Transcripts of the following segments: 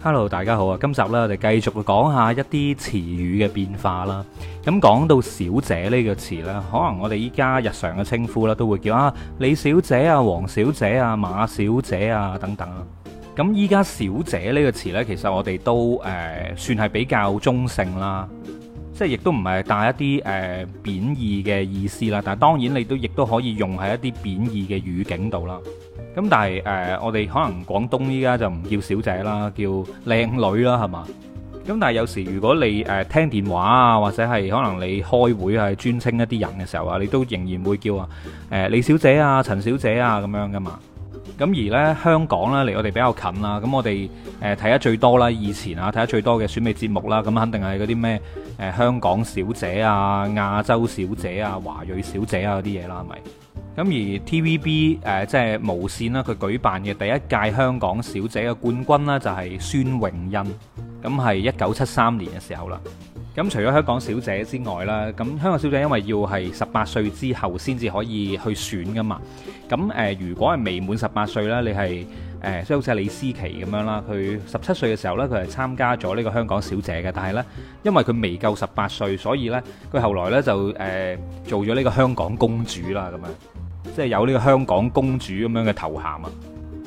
Hello，大家好啊！今集咧，我哋繼續講下一啲詞語嘅變化啦。咁講到小姐呢個詞咧，可能我哋依家日常嘅稱呼啦，都會叫啊李小姐啊、王小姐啊、馬小姐啊等等啦。咁依家小姐呢個詞咧，其實我哋都誒、呃、算係比較中性啦。即係亦都唔係帶一啲誒、呃、貶義嘅意思啦，但係當然你都亦都可以用喺一啲貶義嘅語境度啦。咁但係誒、呃，我哋可能廣東依家就唔叫小姐啦，叫靚女啦，係嘛？咁但係有時如果你誒、呃、聽電話啊，或者係可能你開會係尊稱一啲人嘅時候啊，你都仍然會叫啊誒、呃、李小姐啊、陳小姐啊咁樣噶嘛。咁而呢，香港呢，離我哋比較近啦，咁、啊、我哋誒睇得最多啦，以前啊睇得最多嘅選美節目啦，咁、啊、肯定係嗰啲咩誒香港小姐啊、亞洲小姐啊、華裔小姐啊嗰啲嘢啦，係咪、啊。咁而 TVB 誒即係無線啦，佢、啊、舉辦嘅第一屆香港小姐嘅冠軍咧、啊、就係、是、孫泳恩，咁係一九七三年嘅時候啦。咁除咗香港小姐之外啦，咁香港小姐因為要係十八歲之後先至可以去選噶嘛。咁誒，如果係未滿十八歲咧，你係誒即係好似李思琪咁樣啦。佢十七歲嘅時候咧，佢係參加咗呢個香港小姐嘅，但係咧，因為佢未夠十八歲，所以咧佢後來咧就誒、呃、做咗呢個香港公主啦，咁樣即係有呢個香港公主咁樣嘅頭銜啊。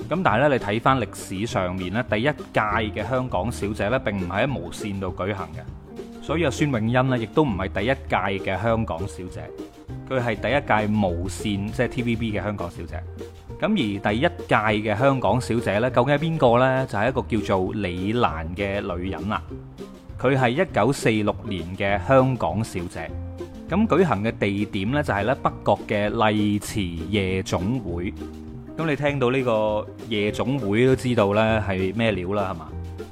咁但係咧，你睇翻歷史上面咧，第一屆嘅香港小姐咧並唔係喺無線度舉行嘅。所以阿孫詠欣咧，亦都唔係第一屆嘅香港小姐，佢係第一屆無線即係 TVB 嘅香港小姐。咁而第一屆嘅香港小姐咧，究竟係邊個咧？就係一個叫做李蘭嘅女人啦。佢係一九四六年嘅香港小姐。咁舉行嘅地點咧，就係咧北角嘅麗池夜總會。咁你聽到呢個夜總會都知道咧係咩料啦，係嘛？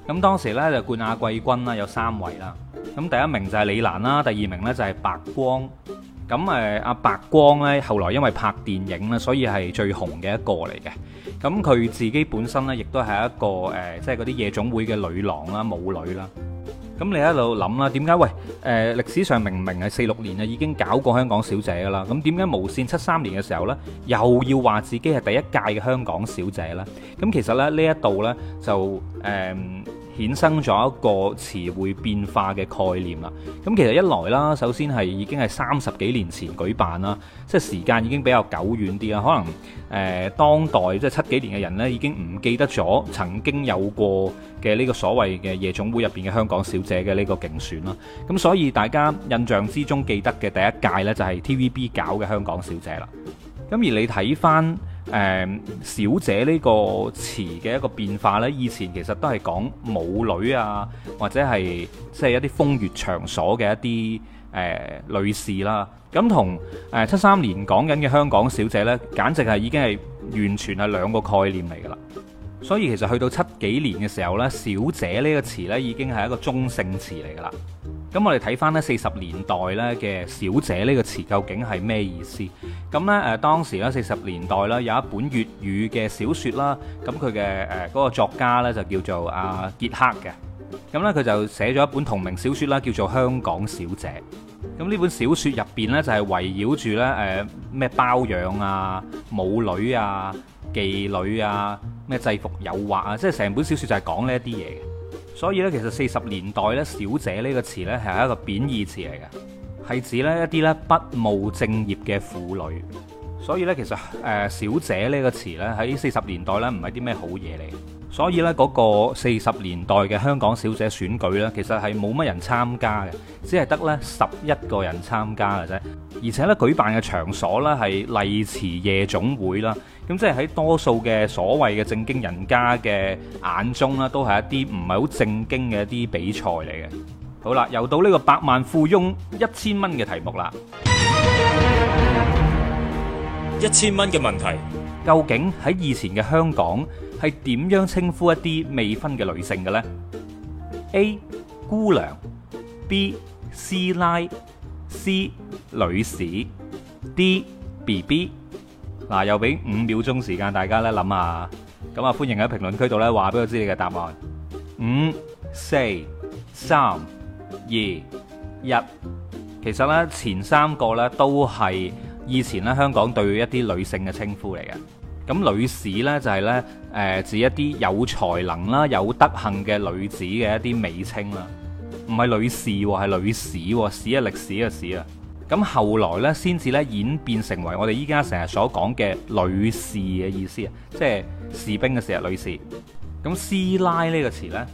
咁當時咧就冠亞季軍啦，有三位啦。咁第一名就係李蘭啦，第二名呢就係白光。咁、嗯、誒，阿白光呢，後來因為拍電影咧，所以係最紅嘅一個嚟嘅。咁、嗯、佢自己本身呢，亦都係一個誒，即係嗰啲夜總會嘅女郎啦、舞女啦。咁、嗯、你喺度諗啦，點解喂？誒、呃，歷史上明明係四六年啊，已經搞過香港小姐噶啦。咁點解無綫七三年嘅時候呢，又要話自己係第一屆嘅香港小姐呢？咁、嗯、其實咧呢一度呢，就誒。呃衍生咗一個詞彙變化嘅概念啦。咁其實一來啦，首先係已經係三十幾年前舉辦啦，即係時間已經比較久遠啲啦。可能誒、呃、當代即係七幾年嘅人呢，已經唔記得咗曾經有過嘅呢個所謂嘅夜總會入邊嘅香港小姐嘅呢個競選啦。咁所以大家印象之中記得嘅第一屆呢，就係 TVB 搞嘅香港小姐啦。咁而你睇返。誒、嗯、小姐呢個詞嘅一個變化咧，以前其實都係講舞女啊，或者係即係一啲風月場所嘅一啲誒、呃、女士啦。咁同誒七三年講緊嘅香港小姐呢，簡直係已經係完全係兩個概念嚟㗎啦。所以其實去到七幾年嘅時候呢，「小姐」呢個詞呢，已經係一個中性詞嚟㗎啦。咁我哋睇翻呢四十年代呢嘅小姐呢個詞究竟係咩意思？咁呢，誒當時呢四十年代呢有一本粵語嘅小説啦，咁佢嘅誒嗰個作家呢，就叫做阿、啊、傑克嘅，咁呢，佢就寫咗一本同名小説啦，叫做《香港小姐》。咁呢本小説入邊呢，就係圍繞住呢誒咩包養啊、舞女啊、妓女啊、咩制服誘惑啊，即係成本小説就係講呢一啲嘢。所以咧，其實四十年代咧，小姐呢個詞呢，係一個貶義詞嚟嘅，係指呢一啲呢不務正業嘅婦女。所以呢，其實誒、呃、小姐呢個詞呢，喺四十年代呢，唔係啲咩好嘢嚟。所以咧，嗰個四十年代嘅香港小姐選舉咧，其實係冇乜人參加嘅，只係得咧十一個人參加嘅啫。而且咧，舉辦嘅場所咧係麗池夜總會啦。咁即係喺多數嘅所謂嘅正經人家嘅眼中呢，都係一啲唔係好正經嘅一啲比賽嚟嘅。好啦，又到呢個百萬富翁一千蚊嘅題目啦，一千蚊嘅問題。究竟喺以前嘅香港係點樣稱呼一啲未婚嘅女性嘅呢？A. 姑娘，B. 師奶，C. 女士，D.BB。嗱，又俾五秒鐘時間大家咧諗下，咁啊，歡迎喺評論區度咧話俾我知你嘅答案。五、四、三、二、一。其實呢，前三個呢都係。以前咧，香港對一啲女性嘅稱呼嚟嘅，咁女士呢就係呢，誒指一啲有才能啦、有德行嘅女子嘅一啲美稱啦，唔係女士喎，係女史，史啊歷史嘅史啊，咁後來呢，先至呢，演變成為我哋依家成日所講嘅女士嘅意思啊，即係士兵嘅時候，女士，咁師奶呢個詞呢，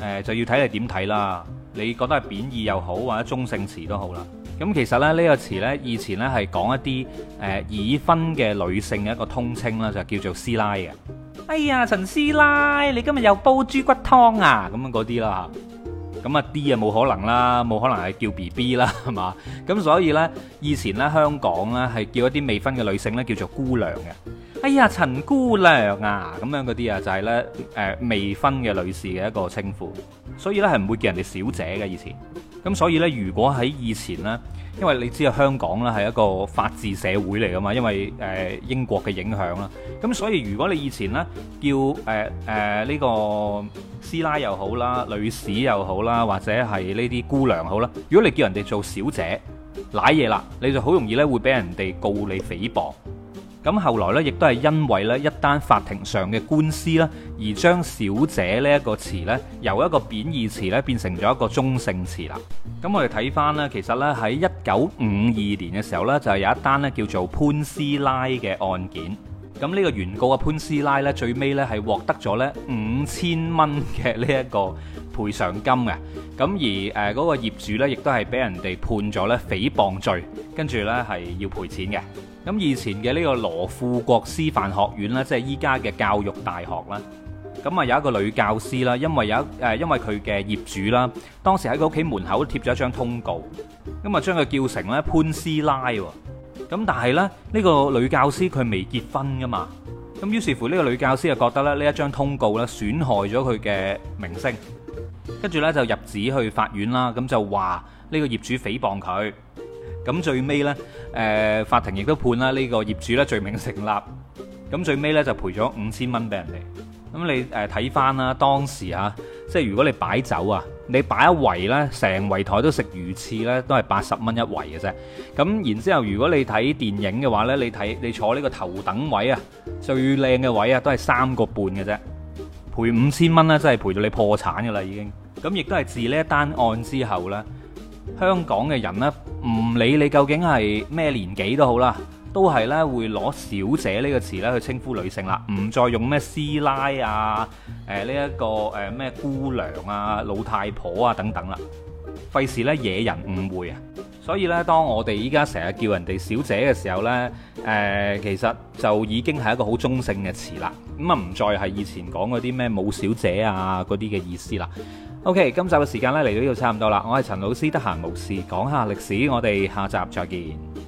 誒就要睇你點睇啦，你覺得係貶義又好，或者中性詞都好啦。咁其實咧，呢個詞呢，以前咧係講一啲誒已婚嘅女性嘅一個通稱啦，就叫做師奶嘅。哎呀，陳師奶，你今日又煲豬骨湯啊？咁樣嗰啲啦嚇。咁啊啲啊冇可能啦，冇可能係叫 BB 啦，係嘛？咁所以呢，以前呢，香港呢係叫一啲未婚嘅女性呢叫做姑娘嘅。哎呀，陳姑娘啊，咁樣嗰啲啊就係呢誒未婚嘅女士嘅一個稱呼。所以呢，係唔會叫人哋小姐嘅以前。咁所以呢，如果喺以前呢，因為你知道香港呢係一個法治社會嚟噶嘛，因為誒、呃、英國嘅影響啦。咁所以如果你以前呢，叫誒誒呢個師奶又好啦、女士又好啦，或者係呢啲姑娘好啦，如果你叫人哋做小姐，瀨嘢啦，你就好容易呢會俾人哋告你誹謗。咁後來咧，亦都係因為咧一單法庭上嘅官司咧，而將小姐呢一個詞咧，由一個貶義詞咧，變成咗一個中性詞啦。咁我哋睇返咧，其實咧喺一九五二年嘅時候咧，就係有一單咧叫做潘師奶嘅案件。咁呢個原告嘅潘師奶咧，最尾咧係獲得咗咧五千蚊嘅呢一個賠償金嘅。咁而誒嗰個業主咧，亦都係俾人哋判咗咧誹謗罪，跟住咧係要賠錢嘅。咁以前嘅呢個羅富國師範學院咧，即係依家嘅教育大學啦。咁啊有一個女教師啦，因為有一誒，因為佢嘅業主啦，當時喺佢屋企門口貼咗一張通告，咁啊將佢叫成咧潘師奶喎。咁但係咧呢個女教師佢未結婚噶嘛，咁於是乎呢個女教師就覺得咧呢一張通告咧損害咗佢嘅名聲，跟住咧就入紙去法院啦，咁就話呢個業主誹謗佢。咁最尾呢，誒、呃、法庭亦都判啦呢、呢個業主咧罪名成立。咁最尾呢就賠咗五千蚊俾人哋。咁你誒睇翻啦，當時啊，即係如果你擺酒啊，你擺一圍呢，成圍台都食魚翅呢，都係八十蚊一圍嘅啫。咁然之後，如果你睇電影嘅話呢，你睇你坐呢個頭等位啊，最靚嘅位啊，都係三個半嘅啫。賠五千蚊呢，真係賠到你破產嘅啦已經。咁亦都係自呢一單案之後呢。香港嘅人呢，唔理你究竟係咩年紀都好啦，都係呢會攞小姐呢個詞呢去稱呼女性啦，唔再用咩師奶啊、誒呢一個誒咩、呃、姑娘啊、老太婆啊等等啦，費事呢惹人誤會啊。所以呢，當我哋依家成日叫人哋小姐嘅時候呢，誒、呃、其實就已經係一個好中性嘅詞啦，咁啊唔再係以前講嗰啲咩冇小姐啊嗰啲嘅意思啦。O.K. 今集嘅時間呢，嚟到呢度差唔多啦，我係陳老師，得閒無事講下歷史，我哋下集再見。